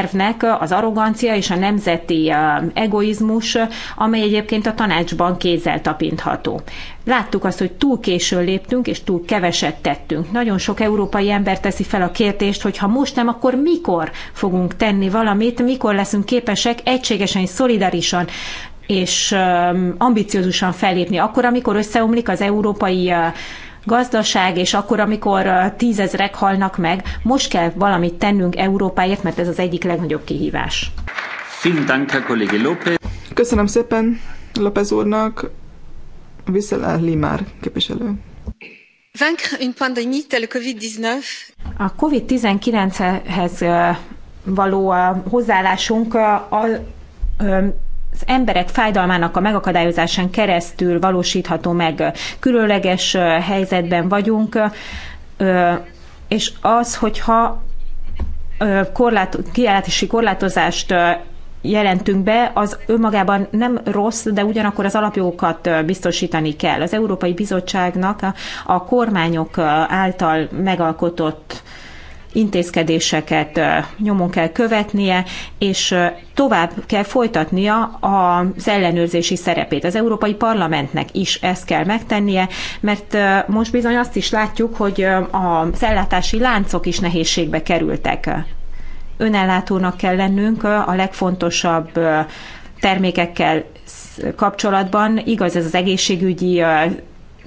tervnek az arrogancia és a nemzeti egoizmus, amely egyébként a tanácsban kézzel tapintható. Láttuk azt, hogy túl későn léptünk, és túl keveset tettünk. Nagyon sok európai ember teszi fel a kérdést, hogy ha most nem, akkor mikor fogunk tenni valamit, mikor leszünk képesek egységesen és szolidarisan és ambiciózusan fellépni. Akkor, amikor összeomlik az európai gazdaság, és akkor, amikor tízezrek halnak meg, most kell valamit tennünk Európáért, mert ez az egyik legnagyobb kihívás. Köszönöm szépen López úrnak. Vissza Limár képviselő. A COVID-19-hez való hozzáállásunk a, a, a az emberek fájdalmának a megakadályozásán keresztül valósítható meg. Különleges helyzetben vagyunk, és az, hogyha korlát, kiállási korlátozást jelentünk be, az önmagában nem rossz, de ugyanakkor az alapjogokat biztosítani kell. Az Európai Bizottságnak a kormányok által megalkotott intézkedéseket nyomon kell követnie, és tovább kell folytatnia az ellenőrzési szerepét. Az Európai Parlamentnek is ezt kell megtennie, mert most bizony azt is látjuk, hogy a szellátási láncok is nehézségbe kerültek. Önellátónak kell lennünk a legfontosabb termékekkel kapcsolatban. Igaz ez az egészségügyi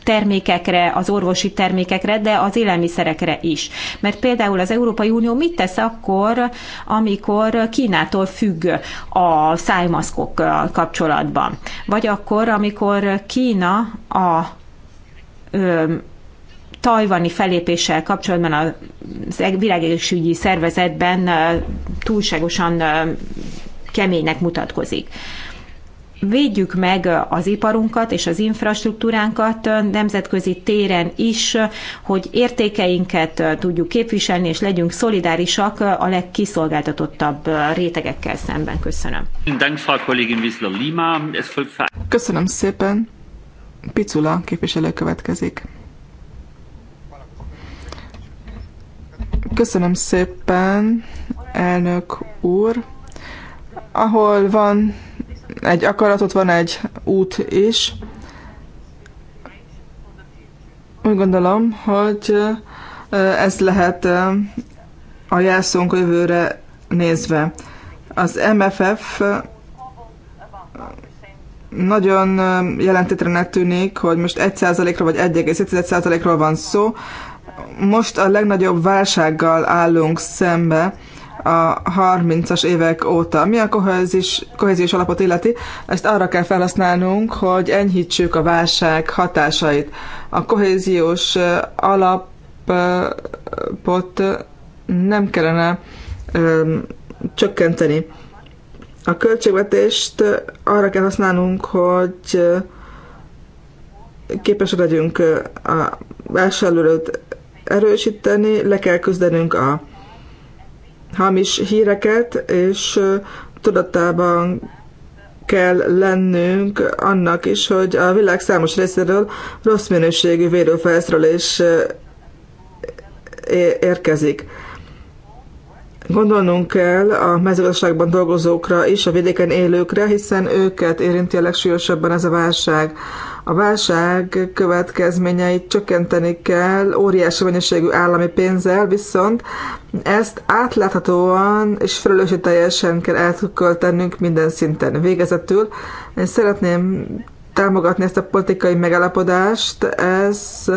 termékekre, az orvosi termékekre, de az élelmiszerekre is. Mert például az Európai Unió mit tesz akkor, amikor Kínától függ a szájmaszkok kapcsolatban? Vagy akkor, amikor Kína a ö, tajvani felépéssel kapcsolatban a e- világegészségügyi szervezetben túlságosan keménynek mutatkozik védjük meg az iparunkat és az infrastruktúránkat nemzetközi téren is, hogy értékeinket tudjuk képviselni, és legyünk szolidárisak a legkiszolgáltatottabb rétegekkel szemben. Köszönöm. Köszönöm szépen. Picula képviselő következik. Köszönöm szépen, elnök úr. Ahol van egy akaratot, van egy út is. Úgy gondolom, hogy eh, ez lehet eh, a jelszónk jövőre nézve. Az MFF eh, nagyon jelentétlenek tűnik, hogy most 1%-ra vagy 1,7%-ról van szó. Most a legnagyobb válsággal állunk szembe a 30-as évek óta. Mi a kohezis, kohéziós alapot illeti? Ezt arra kell felhasználnunk, hogy enyhítsük a válság hatásait. A kohéziós alapot nem kellene csökkenteni. A költségvetést arra kell használnunk, hogy képesek legyünk a belső erősíteni, le kell küzdenünk a hamis híreket, és tudatában kell lennünk annak is, hogy a világ számos részéről rossz minőségű védőfelszerelés érkezik. Gondolnunk kell a mezőgazdaságban dolgozókra is, a vidéken élőkre, hiszen őket érinti a legsúlyosabban ez a válság. A válság következményeit csökkenteni kell óriási mennyiségű állami pénzzel, viszont ezt átláthatóan és felelősségteljesen kell elköltenünk minden szinten. Végezetül én szeretném támogatni ezt a politikai megállapodást. Ez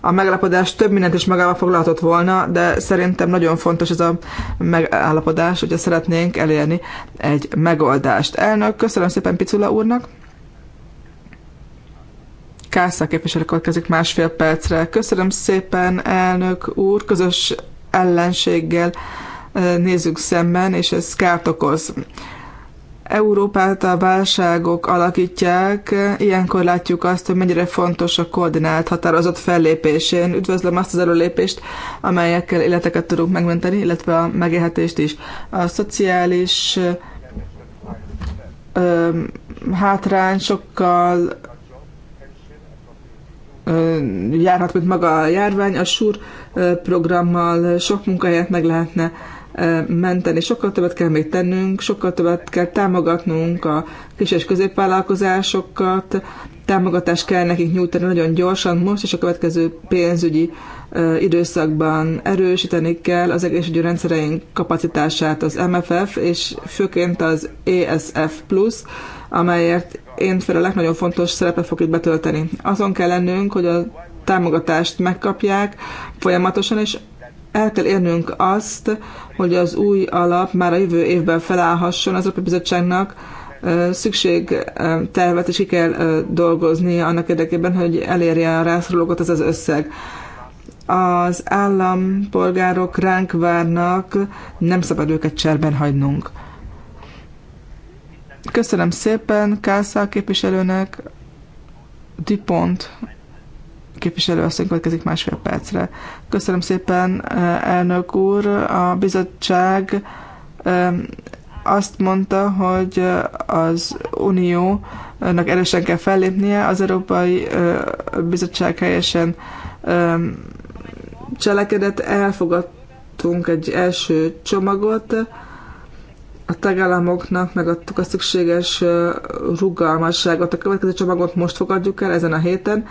a megállapodás több mindent is magával foglalhatott volna, de szerintem nagyon fontos ez a megállapodás, hogyha szeretnénk elérni egy megoldást. Elnök, köszönöm szépen Picula úrnak. Kásza képviselő következik másfél percre. Köszönöm szépen, elnök úr, közös ellenséggel eh, nézzük szemben, és ez kárt okoz. Európát a válságok alakítják, ilyenkor látjuk azt, hogy mennyire fontos a koordinált határozott fellépés. Én üdvözlöm azt az előlépést, amelyekkel életeket tudunk megmenteni, illetve a megélhetést is. A szociális ö, hátrány sokkal ö, járhat, mint maga a járvány. A SUR programmal sok munkahelyet meg lehetne ö, menteni. Sokkal többet kell még tennünk, sokkal többet kell támogatnunk a kis- és középvállalkozásokat, támogatást kell nekik nyújtani nagyon gyorsan, most és a következő pénzügyi időszakban erősíteni kell az egészségügyi rendszereink kapacitását az MFF, és főként az ESF+, amelyért én a legnagyobb fontos szerepet fog itt betölteni. Azon kell lennünk, hogy a támogatást megkapják folyamatosan, és el kell érnünk azt, hogy az új alap már a jövő évben felállhasson, az Európai Bizottságnak tervet is ki kell dolgozni annak érdekében, hogy elérje a rászorulókat az az összeg. Az állampolgárok ránk várnak, nem szabad őket cserben hagynunk. Köszönöm szépen Kászá képviselőnek, Dupont képviselő asszony következik másfél percre. Köszönöm szépen, elnök úr. A bizottság azt mondta, hogy az uniónak erősen kell fellépnie, az Európai Bizottság helyesen cselekedett, elfogadtunk egy első csomagot, a tagállamoknak megadtuk a szükséges rugalmasságot. A következő csomagot most fogadjuk el ezen a héten,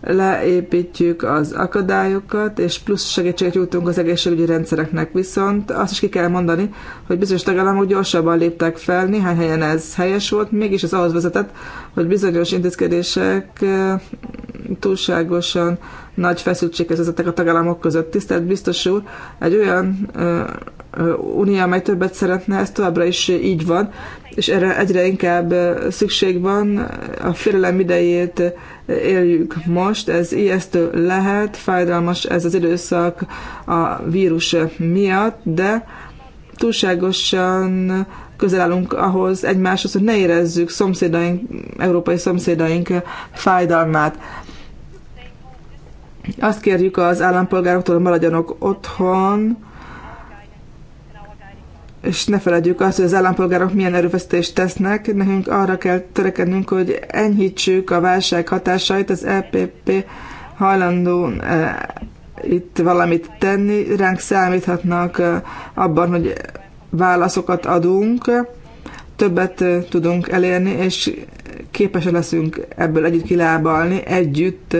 leépítjük az akadályokat, és plusz segítséget jutunk az egészségügyi rendszereknek. Viszont azt is ki kell mondani, hogy bizonyos tagállamok gyorsabban léptek fel, néhány helyen ez helyes volt, mégis az ahhoz vezetett, hogy bizonyos intézkedések eh, túlságosan nagy feszültséghez vezettek a tagállamok között. Tisztelt biztos úr, egy olyan eh, Unió, amely többet szeretne, ez továbbra is így van, és erre egyre inkább szükség van. A félelem idejét éljük most, ez ijesztő lehet, fájdalmas ez az időszak a vírus miatt, de túlságosan közel állunk ahhoz egymáshoz, hogy ne érezzük szomszédaink, európai szomszédaink fájdalmát. Azt kérjük az állampolgároktól, maradjanak otthon, és ne feledjük azt, hogy az állampolgárok milyen erőfeszítést tesznek, nekünk arra kell törekednünk, hogy enyhítsük a válság hatásait, az EPP hajlandó e, itt valamit tenni, ránk számíthatnak e, abban, hogy válaszokat adunk, többet e, tudunk elérni, és képesek leszünk ebből együtt kilábalni, együtt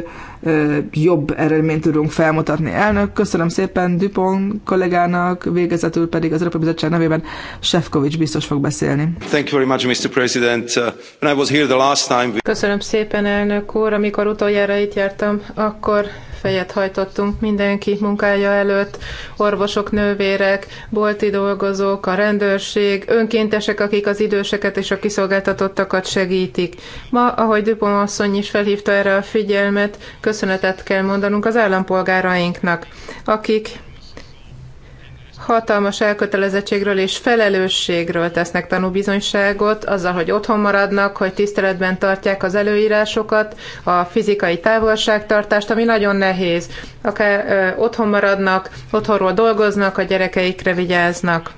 jobb eredményt tudunk felmutatni. Elnök, köszönöm szépen Dupont kollégának, végezetül pedig az Európai Bizottság nevében Sefcovics biztos fog beszélni. Thank you very much, Mr. President. Uh, when I was here the last time... Köszönöm szépen, elnök úr. Amikor utoljára itt jártam, akkor fejet hajtottunk mindenki munkája előtt, orvosok, nővérek, bolti dolgozók, a rendőrség, önkéntesek, akik az időseket és a kiszolgáltatottakat segítik. Ma, ahogy Dupont asszony is felhívta erre a figyelmet, köszönetet kell mondanunk az állampolgárainknak, akik hatalmas elkötelezettségről és felelősségről tesznek tanúbizonyságot, azzal, hogy otthon maradnak, hogy tiszteletben tartják az előírásokat, a fizikai távolságtartást, ami nagyon nehéz. Akár ö, otthon maradnak, otthonról dolgoznak, a gyerekeikre vigyáznak.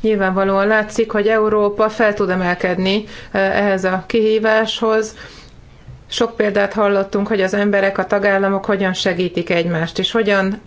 Nyilvánvalóan látszik, hogy Európa fel tud emelkedni ehhez a kihíváshoz. Sok példát hallottunk, hogy az emberek, a tagállamok hogyan segítik egymást, és hogyan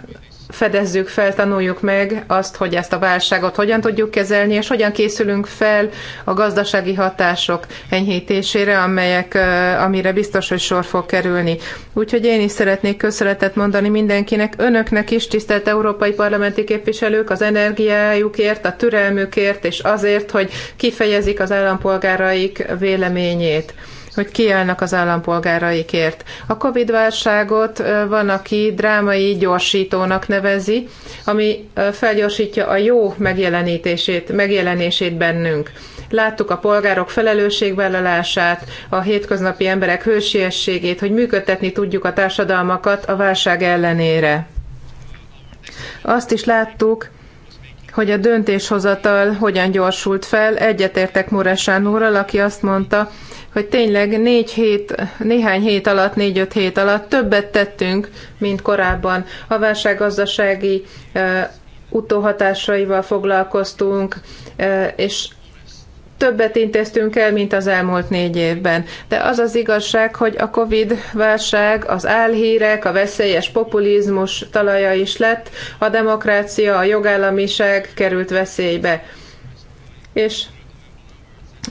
fedezzük fel, tanuljuk meg azt, hogy ezt a válságot hogyan tudjuk kezelni, és hogyan készülünk fel a gazdasági hatások enyhítésére, amelyek, amire biztos, hogy sor fog kerülni. Úgyhogy én is szeretnék köszönetet mondani mindenkinek, önöknek is, tisztelt európai parlamenti képviselők, az energiájukért, a türelmükért, és azért, hogy kifejezik az állampolgáraik véleményét hogy kiállnak az állampolgáraikért. A Covid-válságot van, aki drámai gyorsítónak nevezi, ami felgyorsítja a jó megjelenítését, megjelenését bennünk. Láttuk a polgárok felelősségvállalását, a hétköznapi emberek hősiességét, hogy működtetni tudjuk a társadalmakat a válság ellenére. Azt is láttuk, hogy a döntéshozatal hogyan gyorsult fel. Egyetértek Muresán úrral, aki azt mondta, hogy tényleg négy hét, néhány hét alatt, négy-öt hét alatt többet tettünk, mint korábban. A válsággazdasági utóhatásaival foglalkoztunk, és többet intéztünk el, mint az elmúlt négy évben. De az az igazság, hogy a Covid-válság, az álhírek, a veszélyes populizmus talaja is lett, a demokrácia, a jogállamiság került veszélybe. És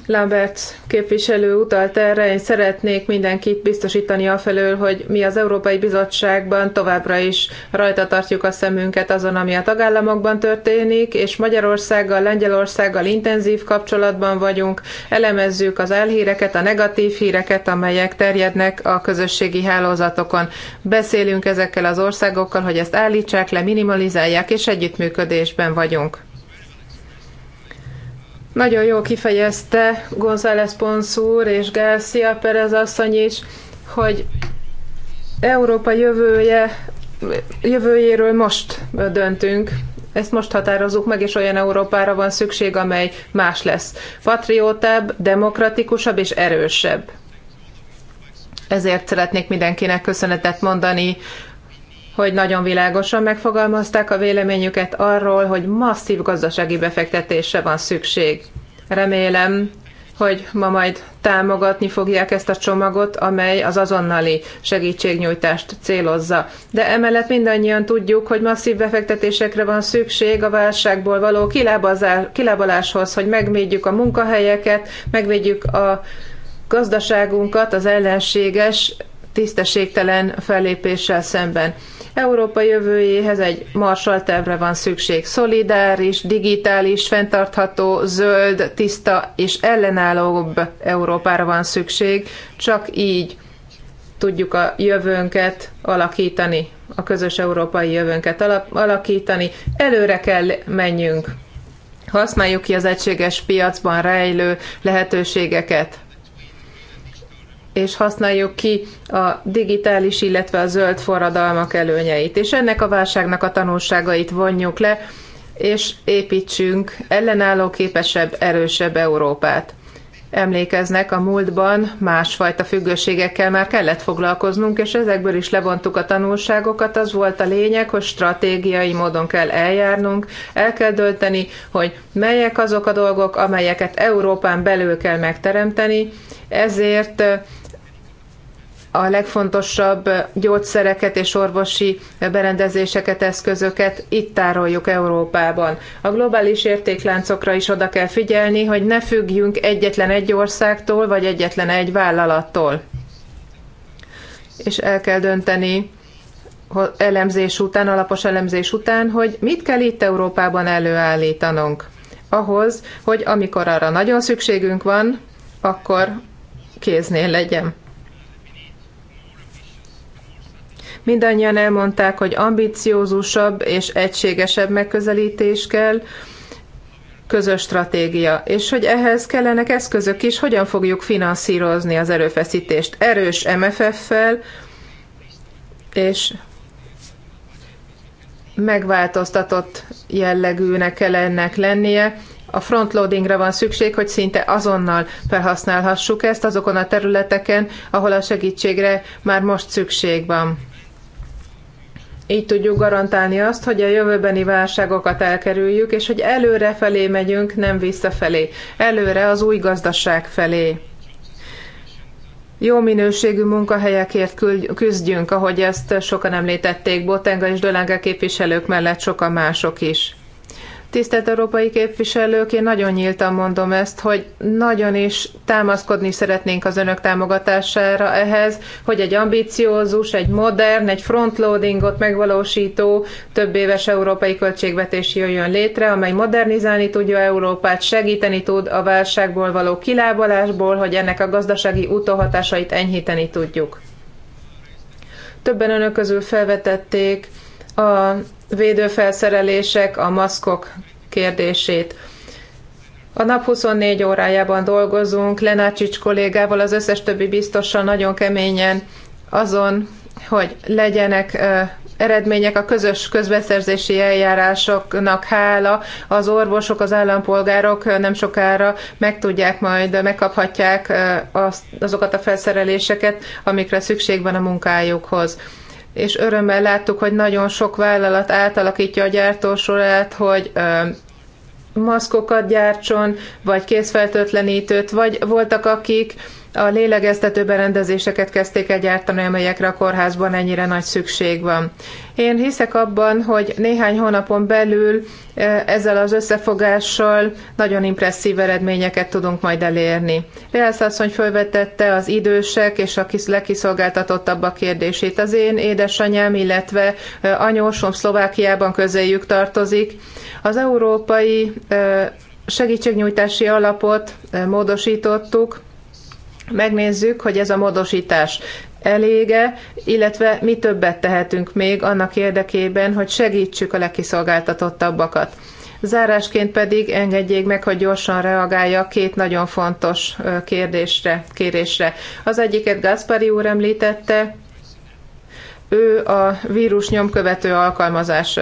Lambert képviselő utalt erre, én szeretnék mindenkit biztosítani afelől, hogy mi az Európai Bizottságban továbbra is rajta tartjuk a szemünket azon, ami a tagállamokban történik, és Magyarországgal, Lengyelországgal intenzív kapcsolatban vagyunk, elemezzük az elhíreket, a negatív híreket, amelyek terjednek a közösségi hálózatokon. Beszélünk ezekkel az országokkal, hogy ezt állítsák le, minimalizálják, és együttműködésben vagyunk. Nagyon jó kifejezte González Pons úr és Garcia Perez asszony is, hogy Európa jövője, jövőjéről most döntünk, ezt most határozzuk meg, és olyan Európára van szükség, amely más lesz. Patriótább, demokratikusabb és erősebb. Ezért szeretnék mindenkinek köszönetet mondani hogy nagyon világosan megfogalmazták a véleményüket arról, hogy masszív gazdasági befektetésre van szükség. Remélem, hogy ma majd támogatni fogják ezt a csomagot, amely az azonnali segítségnyújtást célozza. De emellett mindannyian tudjuk, hogy masszív befektetésekre van szükség a válságból való kilábaláshoz, hogy megvédjük a munkahelyeket, megvédjük a gazdaságunkat az ellenséges, tisztességtelen fellépéssel szemben. Európa jövőjéhez egy Marshall tervre van szükség. Szolidáris, digitális, fenntartható, zöld, tiszta és ellenállóbb Európára van szükség. Csak így tudjuk a jövőnket alakítani, a közös európai jövőnket alakítani. Előre kell menjünk. Használjuk ki az egységes piacban rejlő lehetőségeket és használjuk ki a digitális, illetve a zöld forradalmak előnyeit. És ennek a válságnak a tanulságait vonjuk le, és építsünk ellenálló képesebb, erősebb Európát. Emlékeznek, a múltban másfajta függőségekkel már kellett foglalkoznunk, és ezekből is levontuk a tanulságokat. Az volt a lényeg, hogy stratégiai módon kell eljárnunk, el kell dönteni, hogy melyek azok a dolgok, amelyeket Európán belül kell megteremteni, ezért a legfontosabb gyógyszereket és orvosi berendezéseket, eszközöket itt tároljuk Európában. A globális értékláncokra is oda kell figyelni, hogy ne függjünk egyetlen egy országtól, vagy egyetlen egy vállalattól. És el kell dönteni elemzés után, alapos elemzés után, hogy mit kell itt Európában előállítanunk. Ahhoz, hogy amikor arra nagyon szükségünk van, akkor kéznél legyen. Mindannyian elmondták, hogy ambiciózusabb és egységesebb megközelítés kell, közös stratégia, és hogy ehhez kellenek eszközök is, hogyan fogjuk finanszírozni az erőfeszítést erős MFF-fel, és megváltoztatott jellegűnek kell ennek lennie. A frontloadingra van szükség, hogy szinte azonnal felhasználhassuk ezt azokon a területeken, ahol a segítségre már most szükség van. Így tudjuk garantálni azt, hogy a jövőbeni válságokat elkerüljük, és hogy előre felé megyünk, nem visszafelé. Előre az új gazdaság felé. Jó minőségű munkahelyekért küzdjünk, ahogy ezt sokan említették, Botenga és Dölenge képviselők mellett sokan mások is. Tisztelt európai képviselők, én nagyon nyíltan mondom ezt, hogy nagyon is támaszkodni szeretnénk az önök támogatására ehhez, hogy egy ambiciózus, egy modern, egy frontloadingot megvalósító több éves európai költségvetés jöjjön létre, amely modernizálni tudja Európát, segíteni tud a válságból való kilábalásból, hogy ennek a gazdasági utóhatásait enyhíteni tudjuk. Többen önök közül felvetették a védőfelszerelések, a maszkok kérdését. A nap 24 órájában dolgozunk, Lenácsics kollégával, az összes többi biztosan nagyon keményen azon, hogy legyenek eredmények a közös közbeszerzési eljárásoknak hála. Az orvosok, az állampolgárok nem sokára meg tudják majd, megkaphatják azokat a felszereléseket, amikre szükség van a munkájukhoz és örömmel láttuk, hogy nagyon sok vállalat átalakítja a gyártósorát, hogy maszkokat gyártson, vagy készfeltöltlenítőt, vagy voltak akik a lélegeztető berendezéseket kezdték el gyártani, amelyekre a kórházban ennyire nagy szükség van. Én hiszek abban, hogy néhány hónapon belül e, ezzel az összefogással nagyon impresszív eredményeket tudunk majd elérni. Reász asszony felvetette az idősek és a a kérdését. Az én édesanyám, illetve e, anyósom Szlovákiában közéjük tartozik. Az európai e, segítségnyújtási alapot módosítottuk, megnézzük, hogy ez a módosítás elége, illetve mi többet tehetünk még annak érdekében, hogy segítsük a legkiszolgáltatottabbakat. Zárásként pedig engedjék meg, hogy gyorsan reagálja két nagyon fontos kérdésre, kérésre. Az egyiket Gaspari úr említette, ő a vírus nyomkövető alkalmazás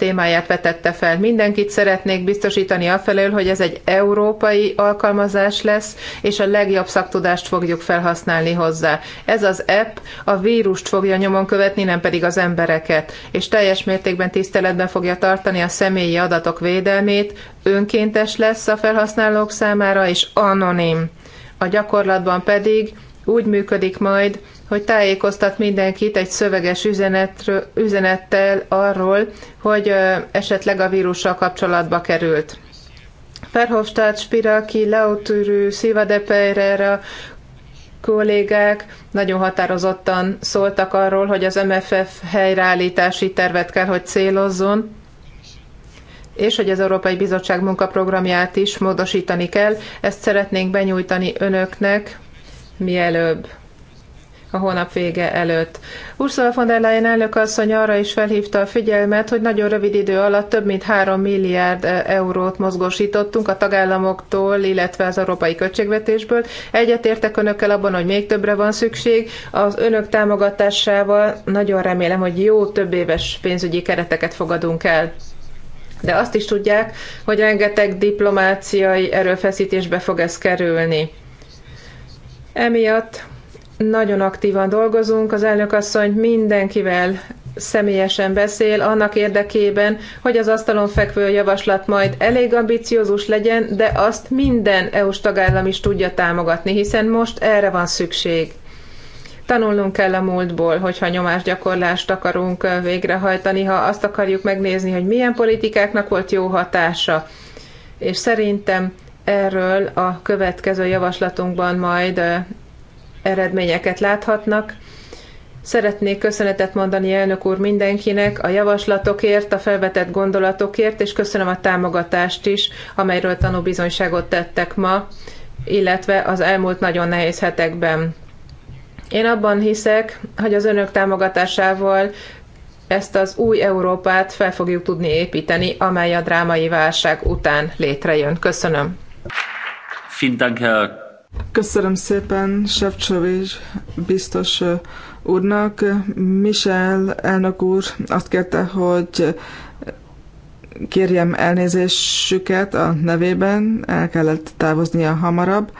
témáját vetette fel. Mindenkit szeretnék biztosítani afelől, hogy ez egy európai alkalmazás lesz, és a legjobb szaktudást fogjuk felhasználni hozzá. Ez az app a vírust fogja nyomon követni, nem pedig az embereket, és teljes mértékben tiszteletben fogja tartani a személyi adatok védelmét, önkéntes lesz a felhasználók számára, és anonim. A gyakorlatban pedig úgy működik majd, hogy tájékoztat mindenkit egy szöveges üzenetről, üzenettel arról, hogy esetleg a vírussal kapcsolatba került. Verhofstadt, Spiraki, Leutürű, Siva a kollégák nagyon határozottan szóltak arról, hogy az MFF helyreállítási tervet kell, hogy célozzon, és hogy az Európai Bizottság munkaprogramját is módosítani kell. Ezt szeretnénk benyújtani önöknek mielőbb a hónap vége előtt. Ursula von der Leyen elnök asszony arra is felhívta a figyelmet, hogy nagyon rövid idő alatt több mint 3 milliárd eurót mozgósítottunk a tagállamoktól, illetve az európai költségvetésből. Egyetértek önökkel abban, hogy még többre van szükség. Az önök támogatásával nagyon remélem, hogy jó több éves pénzügyi kereteket fogadunk el. De azt is tudják, hogy rengeteg diplomáciai erőfeszítésbe fog ez kerülni Emiatt nagyon aktívan dolgozunk, az elnökasszony mindenkivel személyesen beszél annak érdekében, hogy az asztalon fekvő javaslat majd elég ambiciózus legyen, de azt minden EU-s tagállam is tudja támogatni, hiszen most erre van szükség. Tanulnunk kell a múltból, hogyha nyomásgyakorlást akarunk végrehajtani, ha azt akarjuk megnézni, hogy milyen politikáknak volt jó hatása. És szerintem Erről a következő javaslatunkban majd eredményeket láthatnak. Szeretnék köszönetet mondani elnök úr mindenkinek a javaslatokért, a felvetett gondolatokért, és köszönöm a támogatást is, amelyről tanúbizonyságot tettek ma, illetve az elmúlt nagyon nehéz hetekben. Én abban hiszek, hogy az önök támogatásával ezt az új Európát fel fogjuk tudni építeni, amely a drámai válság után létrejön. Köszönöm. Köszönöm szépen Sefcsovics biztos úrnak. Michel elnök úr azt kérte, hogy kérjem elnézésüket a nevében, el kellett távoznia hamarabb.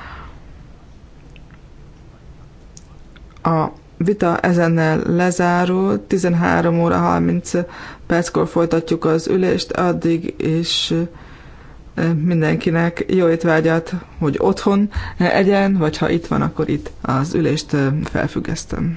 A vita ezennel lezárul, 13 óra 30 perckor folytatjuk az ülést, addig is mindenkinek jó étvágyat, hogy otthon egyen, vagy ha itt van, akkor itt az ülést felfüggesztem.